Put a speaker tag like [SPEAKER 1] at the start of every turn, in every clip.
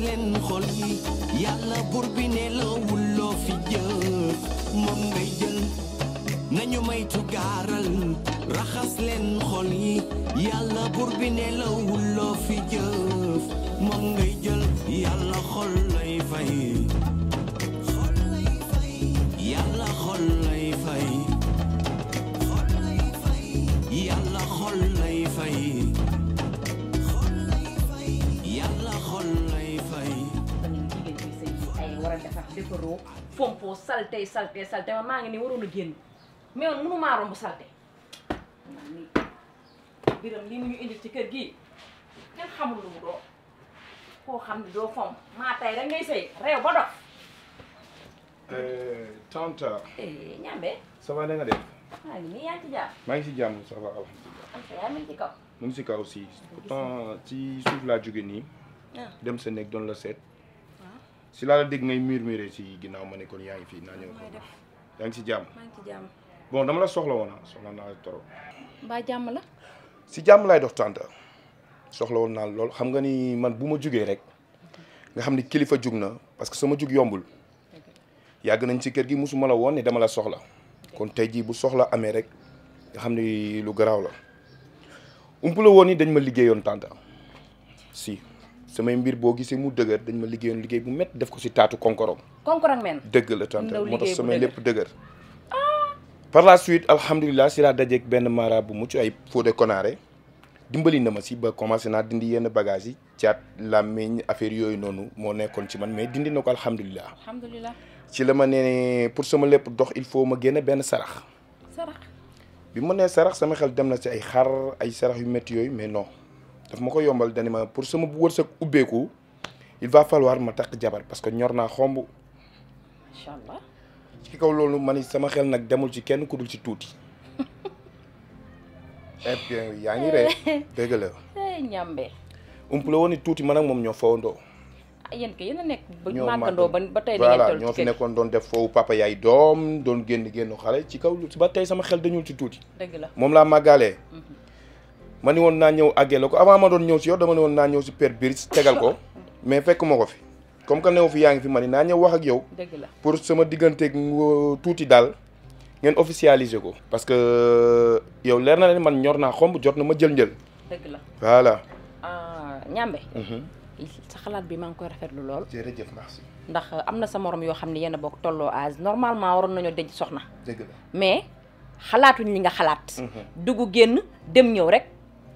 [SPEAKER 1] leen xol yi yàlla bur bi ne lawul loo fi jëf moom ngay jël nañu maytu gaaral raxas leen xol yi yàlla bur bi ne lawul loo fi jëf moom ngay jël yàlla xol lay fay
[SPEAKER 2] defaroo fompo salte salte salte ma ngi ni waru a genn me man munu ma rombu salte biram li mu ñu indil ci kër gi ken xamul lu do ko xam ni do fomp ma tay rek ngay sey rew ba dof tante ñambe ça va nga def ma ngi nii ci jàmm
[SPEAKER 3] ma ngi ci jàmm ça va alhamdulilah ya ngi ci kaw mu ngi si kaw aussi pourtant ci souf la jóge nii dem sa nek don la set si laa la dégg ngay murmurer si ginnaaw ma ne kon yaa ngi fii naa ñëw ko yaa jàmm maa dama la soxla woon ah soxla naa la trop mbaa jàmm la si jàmm laay dox tànta soxla woon naa lool xam nga ni man bu ma jugee rek nga xam ni kilifa jóg na parce que sama jóg yombul yàgg nañ ci kër gi mosuma la woon ni dama la soxla kon tey jii bu soxla amee rek nga xam ni lu garaaw la ump la woon ni dañ ma liggéeyoon tànta si samay mbir bo gisee mu deuguer dañ ma liggéeyoon liggéey bu met def ko ci taatu konkorong konkorong men deug la tante mo tax samay lepp deuguer ah. par la suite alhamdulilah sira laa dajeeg ben mara bu mucc ay de Konaré dimbali na ma ci ba commencé na dindi yenn bagages yi caat làmmiñ affaire yoy noonu mo nekkoon ci man mais dindi na ko alhamdulilah. alhamdulilah ci la ma pour sama lepp dox il faut ma génne ben sarax. sarax bi ma né sarax sama xel dem na ci ay xar ay sarax yu metti yoy mais non daf mako yombal dani ma pour sama ubbe ko il va falloir ma tak jabar parce que ñor xombu xomb. ci kaw lolu ma sama xel nak demul ci kenn ku dul ci touti eh bien yaa ngi ree dëgg la.
[SPEAKER 2] Eh, ñambe.
[SPEAKER 3] ump la woon ni man ak mom ño fowandoo.
[SPEAKER 2] Ah, yeen ke kay nek a nekk ba tay ba tey voilà ñoo fi nekkoon
[SPEAKER 3] doon def foofu papa yaay doom doon genn génn xalé ci kaw ba tay sama xel dañul ci touti
[SPEAKER 2] deug
[SPEAKER 4] la
[SPEAKER 3] mom la magalé ma ni woon naa ñëw àggale ko avant ma doon ñëw si yow dama ne woon naa ñëw si Père Biris tegal ko mais fekk ma ko fi comme que new fi yaa ngi fi man ni naa ñëw wax ak yow pour sama digganteeg tuuti daal ngeen officialiser ko parce que euh, yow leer na leen man ñor naa xomb jot na ma jël njël la voilà
[SPEAKER 2] ah, ñambe mhm. xalaat bi maa ngi koy rafetlu lool
[SPEAKER 3] jërëjëf merci
[SPEAKER 2] ndax euh, am na sa morom yoo xam ne yéen a bokk tolloo âge normalement waroon nañoo denc soxna dëgg la mais xalaatuñ li nga xalaat mhm. dugg génn dem ñëw rek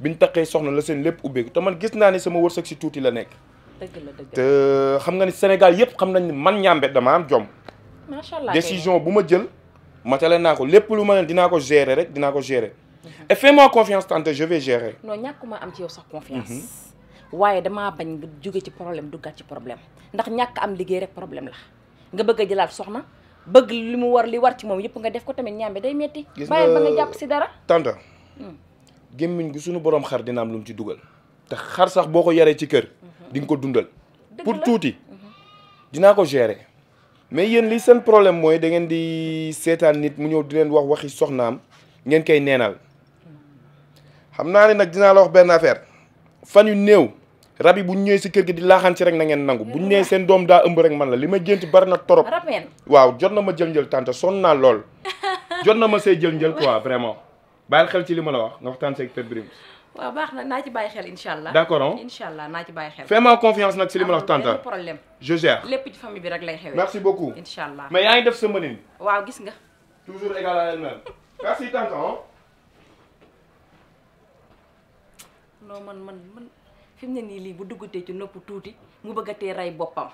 [SPEAKER 3] bi ñu soxna la seen lepp ubbeeku te man gis na ne sama wërsëg ci touti la nek deug la deug la euh, xam nga ni Sénégal yépp xam nañ ni man ñambé dama am jom. machallah décision buma jël matalé nako lepp lu ma leen dinaa ko gérer rek dina ko gérer. Mhm. et fais-moi confiance tante je vais gérer.
[SPEAKER 2] non ñakuma am ci yow sax confiance. Mhm. waaye dama bañ nga jóge ci problème duggaat ci problème ndax ñak am liggéey rek problème la nga bëgg jëlal soxna bëgg li mu war li war ci mom yëpp nga def ko tamit ñambé day metti. gis ba nga japp ci dara.
[SPEAKER 3] tante. Hmm. gemmiñ gu suñu borom xar dina am lu mu ci duggal te xar sax boko yare ci kër mhm. di nga ko dundal pour touti mhm. dina ko gérer mais yeen li seen problème moy da ngeen di sétane nit mu ñew di leen wax waxi soxnaam ngeen kay nénal xamna ni nak dina la wax ben affaire fan yu néew rabbi bu ñewé ci kër gi di laaxaan rek na ngeen nangu bu ñewé seen dom da ëmb rek man la lima jënt barna torop waaw jot na ma jël njël tante sonn naa lool jot na ma sey jël quoi vraiment bàyyil xel ci li ma la wax nga waxtaan seeg Père Birame.
[SPEAKER 2] waaw baax na naa ci bàyyi xel incha allah. d' accord incha hein? allah naa ci bàyyi xel. fais ma
[SPEAKER 3] confiance nag ci li ma la wax tanta problème je gère.
[SPEAKER 2] lépp ci famille bi rek lay xewee. merci beaucoup incha allah. mais
[SPEAKER 3] yaa ngi def sa mënin. waaw gis nga. toujours égal à elle-même. merci tanta ah. Hein?
[SPEAKER 2] non man man man fi mu ne nii lii bu duggutee ci nopp tuuti mu bëgg a tee rey boppam.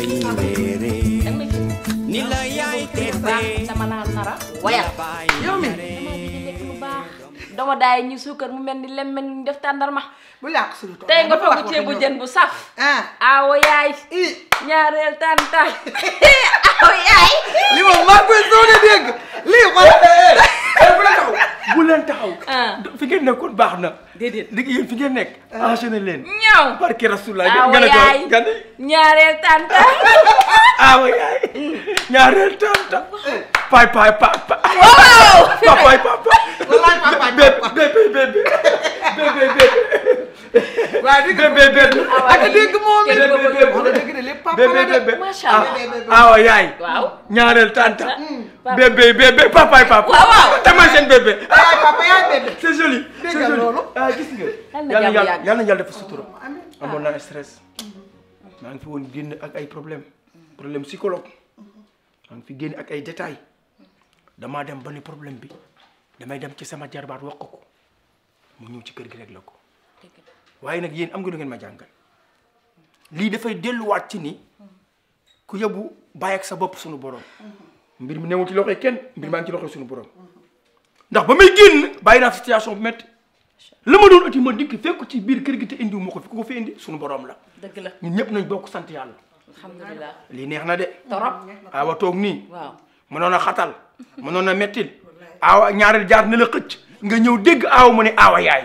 [SPEAKER 5] indere ni la
[SPEAKER 2] sama dama daay ñu suukar mu mel ni lemmen def tàndarma bu laq sulu to tey nga togg ceebu bu saf ah
[SPEAKER 5] awo yaay tanta awo yaay li moom maa koy soone dégg lii xool
[SPEAKER 4] bu leen taxaw fi déedéet léegi yéen fi ngeen nekk. enchaîné euh. leen. ñëw barke Rasulullah. awa yaay
[SPEAKER 5] ñaareel tanta. awa yaay
[SPEAKER 4] tanta. pay pay pa pa.
[SPEAKER 5] waaw. pay pay pa pa.
[SPEAKER 4] walaay papa papa bébé bébé bébé waaw dégg nga ñaareel tanta. bébé bébé papaay ah, ah, hmm, hmm. papa. waaw waaw te ma seen bébé. yaay papa yaay bébé. c'est ah, na yàlla oh, stress. maa ngi fi woon génn ak ay problème problème psychologue maa ngi fi génn ak ay détails damaa dem ba ni problème bi damay dem ci sama jarbaat wax mu ñëw ci kër gi rek la waaye nag yéen am nga lu ma jàngal lii dafay delluwaat ci ni ku yóbbu bàyyi ak sa bopp sunu borom. mbir mi newul ci loxoy kenn mbir maa ngi ci loxoy sunu borom ndax ba may génn bàyyi naa situation bu métti la ma doon ati ma dikk fekk ci biir kër gi te indiw ma ko fi ku ko indi sunu borom la.
[SPEAKER 6] dëgg
[SPEAKER 2] la
[SPEAKER 4] ñun nañ bokk sant yàlla. alhamdulilah lii neex na de.
[SPEAKER 2] torop toog nii. waaw
[SPEAKER 4] mënoon a xatal mënoon a mettil. awa ñaareel jaar na la xëcc nga ñëw dégg aaw mu ne aawa yaay.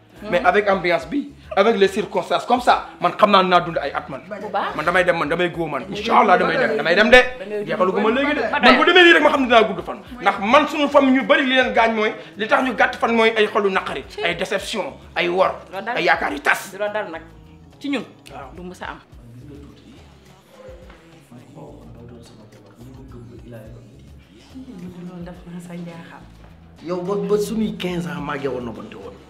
[SPEAKER 4] mais hein? avec ambiance avec les circonstances comme ça man xamna na dund ay at man. man damay dem man damay go man inshallah damay dem damay dem de. yakalu ko ma de man bu rek ma xam ne gudd fan. ndax man suñu fam ñu bari li len gañ moy li tax ñu fan moy ay xolu nakari ay déception ay wor ay yakari tass
[SPEAKER 6] ci ñun. du am.
[SPEAKER 1] yow ba 15 ans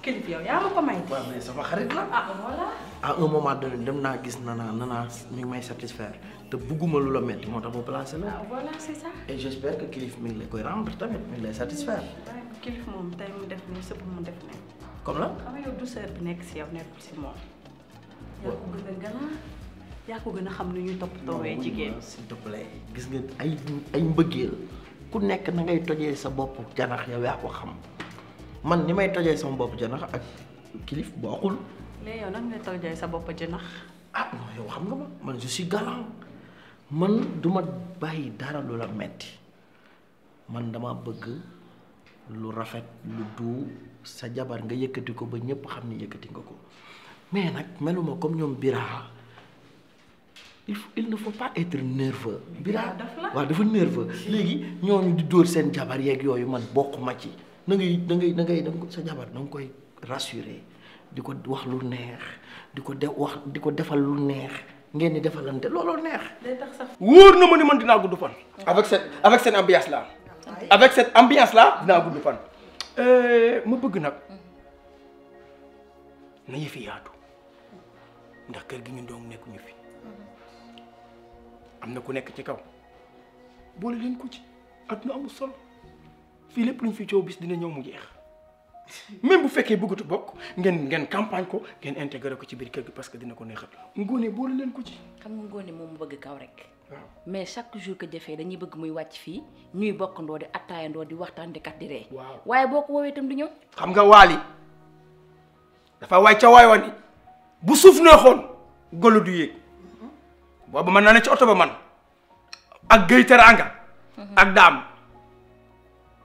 [SPEAKER 6] kilifa yow mau ma ko may. waaw mais sama xarit la. ah voilà.
[SPEAKER 1] à un moment donné dem naa gis nana nana mi ngi may satisfaire te bugguma lu la metti moo tax mu placé la. ah
[SPEAKER 6] voilà c'est ça. et
[SPEAKER 1] j'espère que kilif mi ngi lay koy rendre tamit mi ngi lay satisfaire.
[SPEAKER 6] waaw kilif moom tey mu def nii sëb mu def nii. comme la. xam nga yow douceur bi nekk si yow nekkul si moom. yaa ko gën a gannaaw ko gën xam ñuy jigéen.
[SPEAKER 1] s'il te plaît gis nga ay ay mbëggeel ku nekk na ngay sa janax ko xam man ni may tojee sama bop janax ak eh, kilif bokul
[SPEAKER 6] mais yow nan ngay tojay sa bop janax.
[SPEAKER 1] ah non yow xam nga ma man je suis galant man duma ma dara lu la metti man dama bëgg lu rafet lu du sa jabar nga yëkëti ko ba ñëpp xam ni yëkëti nga ko mais nak meluma comme ñom Bira il faut il ne faut pas être nerveux. Bira wa dafa nerveux léegi ñooñu di door seen jabar yeeg yoyu man bokkuma ci na ngay da ngay da ngay sa jabar dang koy rassurer diko wax lu neex diko def wax diko defal lu neex ngeen ni defalante lolo neex. day tax sax na ni man dina guddou fan.
[SPEAKER 4] avec cette avec cette ambiance là. avec cette ambiance là dina guddou fan. Eh, ma bëgg mm-hmm. nak na yefi yaatu ndax kër gi ñu doon ñu fi mm-hmm. amna ku nekk ci kaw bo leen ko ci aduna amu solo. fii lépp luñ fi coow bis dina ñëw mu jeex même bu fekkee bëggatu bokk ngeen ngeen campagne ko ngeen intégré ko ci biir kër gi parce que dina ko neexal
[SPEAKER 2] ngóone boole leen ko ci. xam nga ngóone moom mu bëgg kaw rek. mais chaque jour que jafee dañuy bëgg muy wàcc fii ñuy bokkandoo di attaayandoo di waxtaan di kat di ree. waaw waaye boo ko woowee itam du ñëw. xam nga waali dafa waay ca waay wa bu suuf neexoon
[SPEAKER 4] golu du yéeg mhm. boobu mën naa ne ci oto ba man ak Gueye Teranga mhm. ak daam.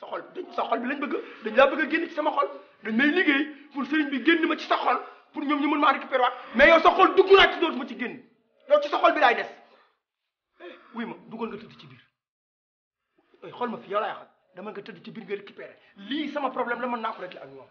[SPEAKER 4] sa xol dañ sa xol bi lañ bëgg dañ laa bëgg a génn ci sama xol dañ may liggéey pour sëriñ bi génn ma ci sa xol pour ñoom ñu mën maa récupérer waat mais yow sa xol dugg naa ci dootu ma ci génn yow ci sa xol bi laay des wuy ma duggoon nga tëdd ci biir ay xool ma fi yow laay xam dama nga tëdd ci biir nga récupérer lii sama problème la mën naa ko régler ak ñoom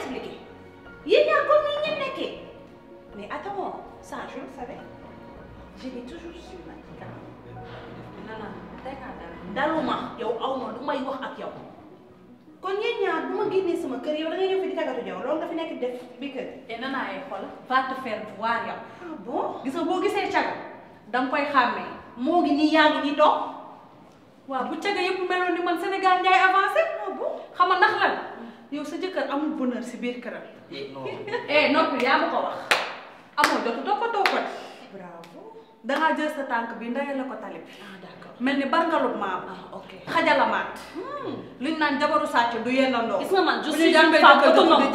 [SPEAKER 6] bi kër
[SPEAKER 2] te nanaa yee xol va te faire voir yow. ah boo gisee caga da nga koy xàmmee moo ngi nii yaa ngi nii toog waaw bu caga yëpp meloon ni
[SPEAKER 6] man Sénégal njaay avancé. ah bon xam nga ndax lan yow sa jëkkër amul bonheur si biir këram.
[SPEAKER 5] Eh, non eh yaa ma ko wax
[SPEAKER 6] amoo jot toppatoo ko.
[SPEAKER 2] da nga jël sa tank bi ndayela ko talib ah d'accord melni barngalub ma ah ok xajala mat
[SPEAKER 5] hmm.
[SPEAKER 2] luñ nane jabaru sacc du yendando gis nga man je suis une femme autonome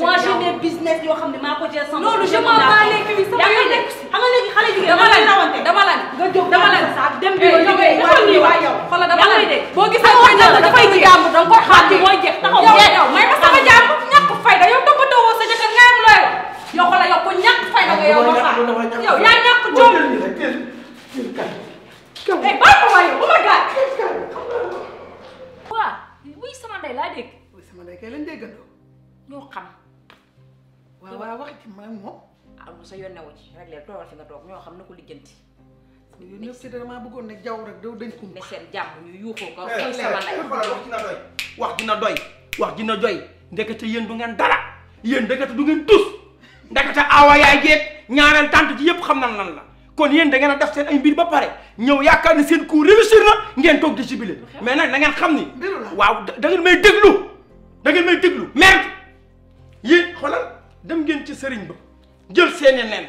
[SPEAKER 2] moi j'ai mes business yo xamni mako ko jël sama lolu je m'en bats les couilles sama yo nek nga legi xalé jigé dama la rawante dama la nga jox dama la sa dem bi yo ngay wa yow xola dama la bo gis sama jamm da fay jam dang ko xati moy jex taxaw yow may ma sama jamm
[SPEAKER 5] ñak fay da yow topato wo sa jëkkat nga am yow xoolal yow ku ñàkk fay la nga yow ba faa eh, oh lañ déggandoo. ñoo xam.
[SPEAKER 2] waaw waaw wax ci man moom. ah lu sa yónne wu ci rek leen toogal fi nga toog ñoo xam na ko lijjanti.
[SPEAKER 6] yow ñëpp ne jaww rek daw dañ ko. ne seen jàmm na yuuxoo eh, eh,
[SPEAKER 4] wax dina doy wax dina doy ndekete yéen du ngeen dara yéen ndekete du ngeen tus. ndakata awa yaay geeg ñaanal tante ji yépp xam nan lan la kon yeen da ngeen def seen ay mbir ba pare ñew yaakaar ne seen coup réussir na ngeen tok di jibilé mais nak da ngeen xam ni waaw da ngeen may deglu da ngeen may deglu merde yi xolal dem ngeen ci sëriñ ba jël seen nen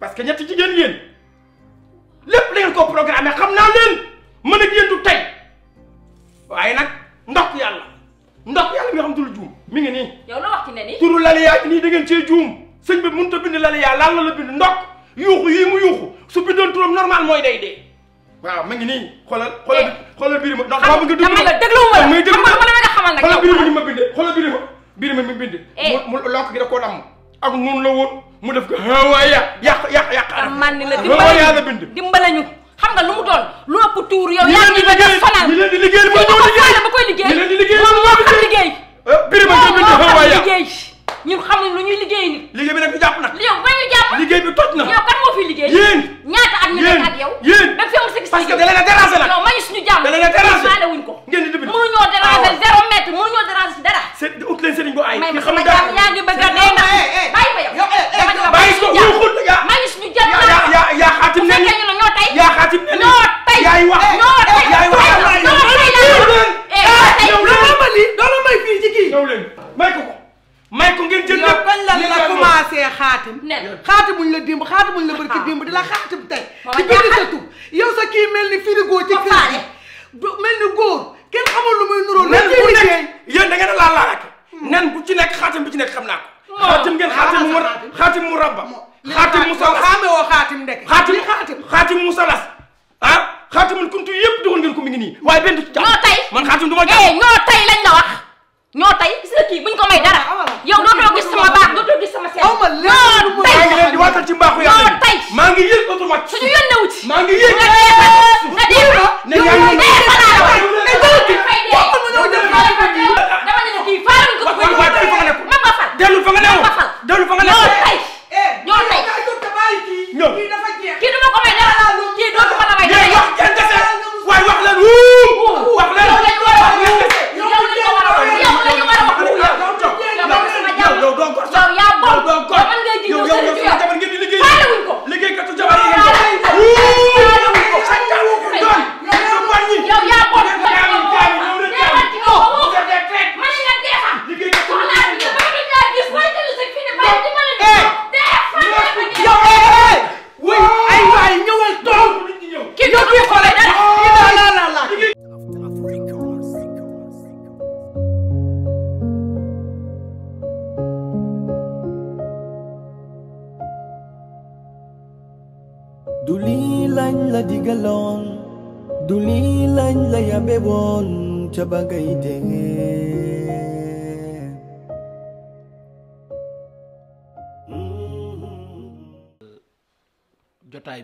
[SPEAKER 4] parce que ci jigen yeen lepp da ngeen ko programmer xam naa leen mën ak du tay waye nak ndox ya laliyaa nii da ngeen cee juum sëñ bi mënut a bind laliyaa lan la la bind ndokk yuuxu yii mu yuuxu su bindoon turam normal mooy day dee waaw ma ngi nii xoolal xoolal eh. xoolal biir ma ndax dama ma ni ma bindee xoolal biir ma biir ma mi bindee
[SPEAKER 5] eh. mu lokk gi da koo damm ak noonu la woon mu def ko waaye yàq yàq yàq yàq ah, ni la dimbale la bind dimbale lu mu doon lu ëpp tuur yow yaa ngi bëgg fanal ñi leen di liggéey moo ñëw liggéey ba koy liggéey ñi leen di liggéey eh, moo xam liggéey biir ma ñun xamuñ lu ñuy liggéey nit liggéey bi nag ñu jàpp nag yow ba ñu jàpp liggéey bi toj na yow kan moo fi liggéey yéen ñaata at ñu nekk ak yow yéen da fewul si gis parce que da leen a déranger nag yow mañu suñu jàmm da leen a déranger maale wuñ ko ngeen di dëbb mënu ñoo déranger zéro mètre mënu ñoo déranger si dara c'est ut leen sëriñ bu ay ki xamul dara yaa ngi bëgg a dee ndax bàyyi ma yow bàyyi ko ñu xul yaa mañu suñu jàmm yaa yaa xaatim ne yaa xaatim ne ñoo tey yaay wax
[SPEAKER 6] xaatim xaatimuñ la démb xaatimuñ la barki ah. démb di la xaatim tey di bind sa tur yow sa kii mel ni frigo ci kër gi du mel ni
[SPEAKER 4] góor kenn xamul lu muy nuróo la ci liggéey yéen da ngeen a laal laal hmm. nen bu ci nekk xaatim bu ci nekk xam naa
[SPEAKER 3] ko xaatim ngeen xaatim mu xaatim mu
[SPEAKER 4] rabba xaatim musalas xaame woo xaatim ndek xaatim xaatim xaatim musalas ah xaatimul kuntu yëpp dugal ngeen ko mi ngi nii waaye benn du ci jàpp
[SPEAKER 5] man xaatim du ma jàpp ñoo eh, tey lañ la wax ñoo tey gis nga kii buñ ko may dara yow dootoo gis sama baax dootoo gis sama seen.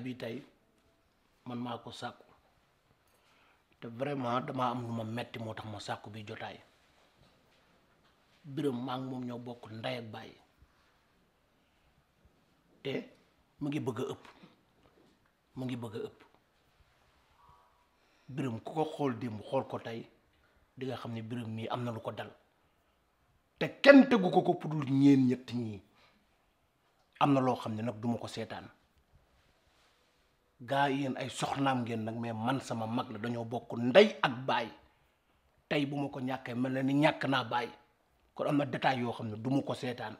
[SPEAKER 4] bi tey man maa ko sàkku te vraiment dama am lu ma metti moo tax ma sàkku bi jotaay biram maa ngi moom ñoo bokk ndey ak bàyyi te mu ngi bëgg a ëpp mu ngi bëgg a ëpp biram ku ko xool démb xool ko tey di nga xam ne biram nii am na lu ko dal te kenn tegu ko ko pour ñeen ñett ñii am na loo xam ne nag duma ko seetaan gaa yéen ay soxnaam ngeen nag mais man sama mag la dañoo bokk ndey ak baay tey bu ma ko ñàkkee mel na ni ñàkk naa baay kon am na détail yoo xam ne du ma ko seetaan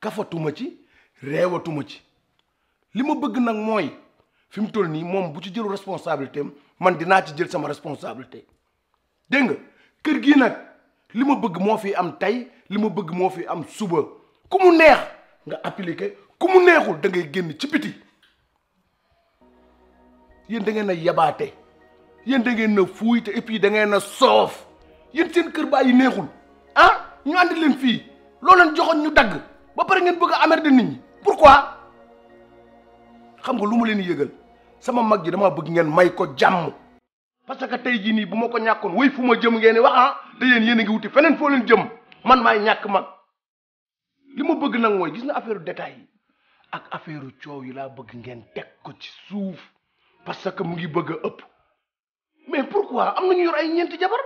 [SPEAKER 4] kafatuma ci reewatuma ci li ma bëgg nag mooy fi mu toll nii moom bu ci jëlu responsabilité man dinaa ci jël sama responsabilité dégg nga kër gii nag li ma bëgg moo fi am tey li ma bëgg moo fi am suba ku mu neex nga appliqué ku mu neexul da génn ci biti yéen da ngeen a yabaate yéen da ngeen a fuuy te et puis da ngeen a soof yéen seen kër baa yi neexul ah ñu àndi fii loo leen joxoon ñu dagg ba pare ngeen bëgg a amer de nit ñi pourquoi xam nga lu ma leen yëgal sama mag ji dama bëgg ngeen may ko jàmm parce que tey jii nii bu ma ko ñàkkoon way fu ma jëm ngeen wax ah te yéen yéen a ngi wuti feneen foo leen jëm man maay ñàkk mag li ma bëgg nag mooy gis nga affaire détail yi ak affaire coow yi laa bëgg ngeen teg ko ci suuf parce que mu ngi bëgg ëpp mais pourquoi am nañu yor ay ñent jabar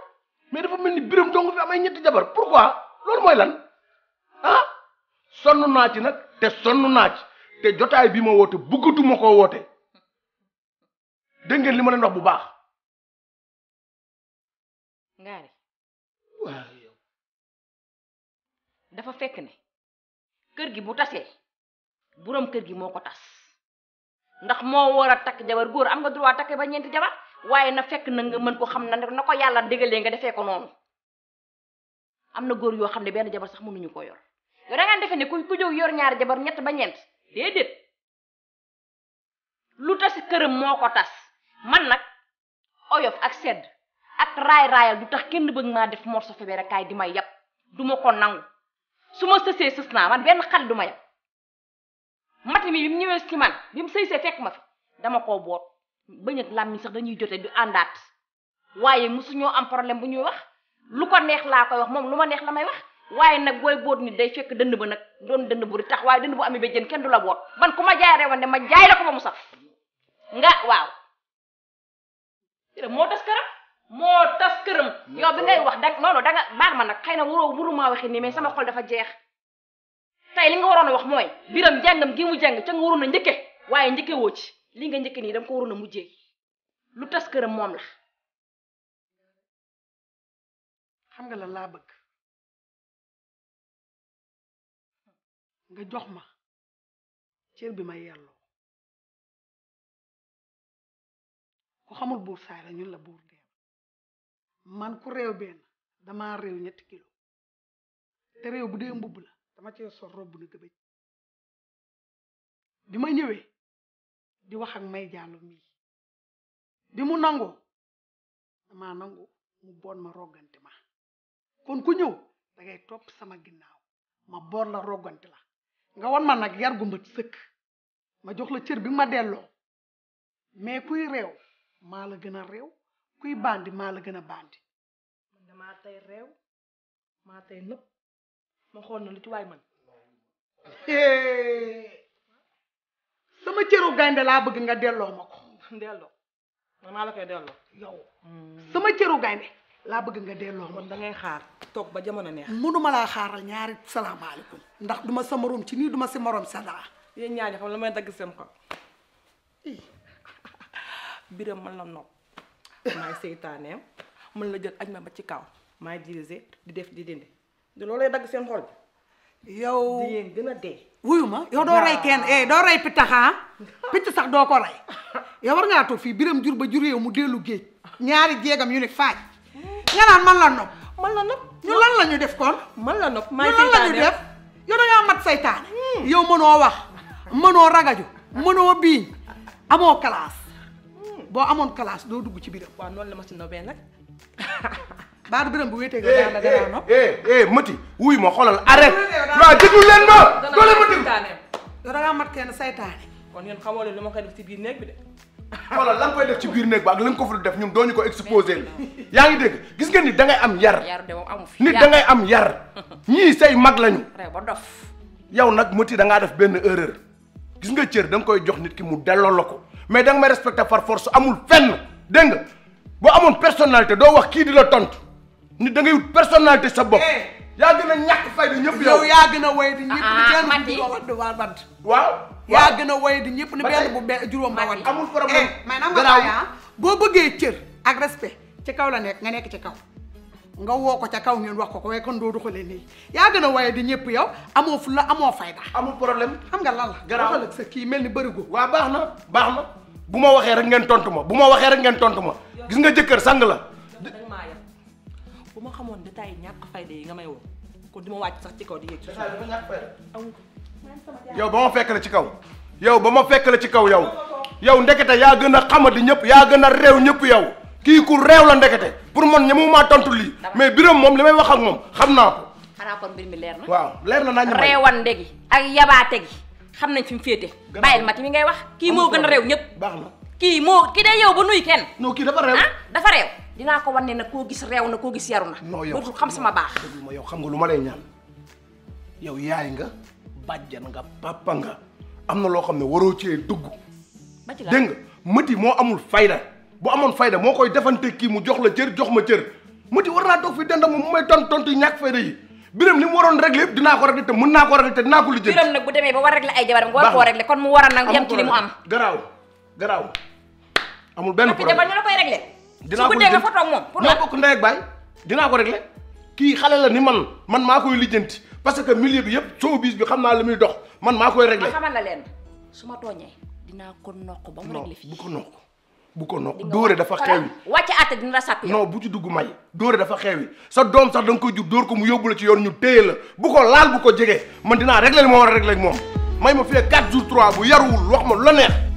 [SPEAKER 4] mais dafa melni ni dong fi am ay ñent jabar pourquoi lool moy lan ah sonu na ci nak té sonu na ci té jotay bi ma woote bëggatu mako woote dëngël li ma leen wax bu baax.
[SPEAKER 6] ngaari waaw dafa fekk ne
[SPEAKER 2] kër gi bu tassé boroom kër gi moko tass ndax mo wara tak jabar goor am nga droit takke ba ñent jabar waye na fekk na nga mën ko xam na na ko yàlla nga defé ko non am goor yo xamne ben jabar sax mënuñu ko yor yo da nga defé ne ku ku yor ñaar jabar ñett ba ñent dedet lu tass kërëm moko tass man nak oyof ak sedd ak ray rayal du tax kenn bëgg ma def morso rek kay di mayap. yab duma ko nang suma ma sesna man ben xal duma mati mi bi mu ñëwee ci man bi mu sëy fekk ma fi dama ko boot bañ ak sax dañuy jotté du àndaat musu ñoo am problème bu ñuy wax lu ko neex la koy wax mom luma neex la wax waaye nak boy boot ni day fekk dënd ba nak doon dënd bu tax waaye dënd bu amé béjjën kenn du la boot man kuma jaay rewan ma jaay la ko ba musaf saf nga waaw mo tass këram mo tass këram yow bi ngay wax dag nono da nga baal ma nak xeyna wuro wuro ma maa waxi nii mais sama xol dafa jeex tey li nga waroon wax mooy biram jàngam gi mu jàng ca nga waroon a njëkke waaye njëkke woo ci
[SPEAKER 6] li nga njëkke nii dama ko waroon a mujjee lu tas këram moom la xam nga la laa bëgg nga jox ma cër bi ma yelloo ku xamul buur saay la ñun la buur dee man ku réew benn damaa réew ñetti kilo te réew bu dee mbubb la dama cee sol robb na gëbëj bi ma ñëwee di wax ak may jàllu mii bi mu nangoo dama nangu mu boon ma roggante ma kon ku ñëw da topp sama ginnaaw ma boor la roggante la nga wan ma nag yar gu mbët sëkk ma jox la cër bi ma delloo mais kuy réew maa la gën a réew kuy bandi maa la gën a bandi man damaa tey réew maa tey nëpp ma xool na lu ci waay man sama cëru gaynde laa bëgg nga delloo ma ko delloo man maa la koy delloo yow sama cëru gaynde laa bëgg nga delloo ma kon da ngay xaar toog ba jamono neex mënuma laa xaaral ñaari salaamaaleykum ndax duma sa morom ci nii duma si morom sa daa yéen ñaari xam la may dagg seen xol biram man la nopp maay seytaaneem mën la jël aj ba ci kaw maay dirigé di def di dindi di loolay dagg seen xol bi. yow di leen gën wuyu ma yow doo rey kenn eh, doo rey pitax ah sax doo ko rey yow war ngaa toog fii biram jur ba jur yow mu dellu géej ñaari jéegam yu ne faaj nga naan man la nopp. ñu lan la def kon. man la nopp maa lan la ñu def yow da ngaa mat saytaane. Hmm. yow manoo wax mënoo ragaju mënoo biiñ amoo classe hmm. boo amoon classe doo dugg ci biram. waaw noonu la ma si nobee nag. baa du biram bu eh, nga daan la
[SPEAKER 4] danaa eh eh mëti wuy ma xoolal arrête
[SPEAKER 6] waaw déglu leen ma doole ma déglu yow dangaa mat kenn saytaane kon ngeen xamoo leen lu ma koy def ci biir néeg bi de
[SPEAKER 4] xoolal la nga koy def ci biir néeg ba ak la nga ko fa def ñun dooñu ko exposé ya ngi dégg gis nga nit da ngay am yar
[SPEAKER 2] nit da ngay am yar
[SPEAKER 4] ñii say mag lañu ba dof yow nag mëti da ngaa def benn erreur gis nga cër da koy jox nit ki mu delloo mais da may respecté par force amul fenn dégg nga boo personnalité doo wax kii di la tontu ni da ngay wut personnalité sa bop eh. ya gëna ñak fay fayda ñëpp yow. ya gëna way
[SPEAKER 6] di ñëpp ni benn bu juróom du war bat waaw ya gëna way di ñëpp ni benn bu juroom juróom ba wat. amul problème may na nga bàyyi boo bëggee cër ak respect ci kaw la nekk nga nekk ci kaw. nga wo ko ca kaw ngeen wax ko ko way kon do doxalee nii ni ya gëna woy di ñëpp yow amo fu la amo fayda. amul problème xam nga lan la. waxal ak sa ki melni ni go wa baxna baxna
[SPEAKER 4] buma na rek ngeen tontuma buma bu rek ngeen tontuma gis nga jëkkër sang la
[SPEAKER 6] as fait xamoon détail ñàkk fayda yi nga may woo kon duma wàcc sax ci kaw di yéeg. détail dama ñàkk
[SPEAKER 5] fayda.
[SPEAKER 4] yow ba ma Si la ci kaw. yow ba ma fait la ci kaw yow. yow ndekete Tu Tu pas fait yow. pour tontu mais biram moom li may wax ak moom xam naa ko.
[SPEAKER 2] xanaa kon de mi leer na. waaw leer na Tu ñu. ce ça, ak yabaate qui xam fi mu féete. bàyyil mat mi ngay wax. kii moo gën a le de yow non dafa ah dafa dina ko wan ne na koo gis rew na ko gis yaruna dootul xam sama baax. ma yow xam nga luma lay ñaan yow yaay nga badjan nga
[SPEAKER 4] papa nga amna lo xamne waro ne dugg. ba ci mo amul fayda bu amone fayda mo koy defante ki mu jox la cër jox ma cër mëti warna naa fi dendam mu may tont tontu ñak fayda yi. biram li mu waroon réglé yëpp dinaa ko réglé te mën na ko réglé te dina ko lijeul biram
[SPEAKER 2] nak bu demee ba war a ay jabaram war ko réglé kon mu waran nak yam ci limu am.
[SPEAKER 4] garaaw garaaw amul ben problème jabar ñu
[SPEAKER 2] la koy réglé dinaa ko dégg fa toog moom pour ñoo bokk
[SPEAKER 4] ndey baay dinaa ko réglé kii xale la ni man man maa koy lijjanti parce que milieu bi yëpp showbiz bi xam naa la muy dox man maa koy réglé. ma
[SPEAKER 2] xamal la leen su ma tooñee dinaa ko nokk ba mu réglé
[SPEAKER 4] fii. bu ko nokk bu ko nokk dóore dafa xeewi.
[SPEAKER 2] wàcce àtte dina la sàpp no
[SPEAKER 4] bu ci dugg may dóore dafa xeewi sa doom sax da nga koy jur dóor ko mu yóbbu la ci yoon ñu téye la bu ko laal bu ko jege man dinaa réglé li ma war a réglé ak moom may ma fii 4 jours 3 bu yaruwul wax ma lu la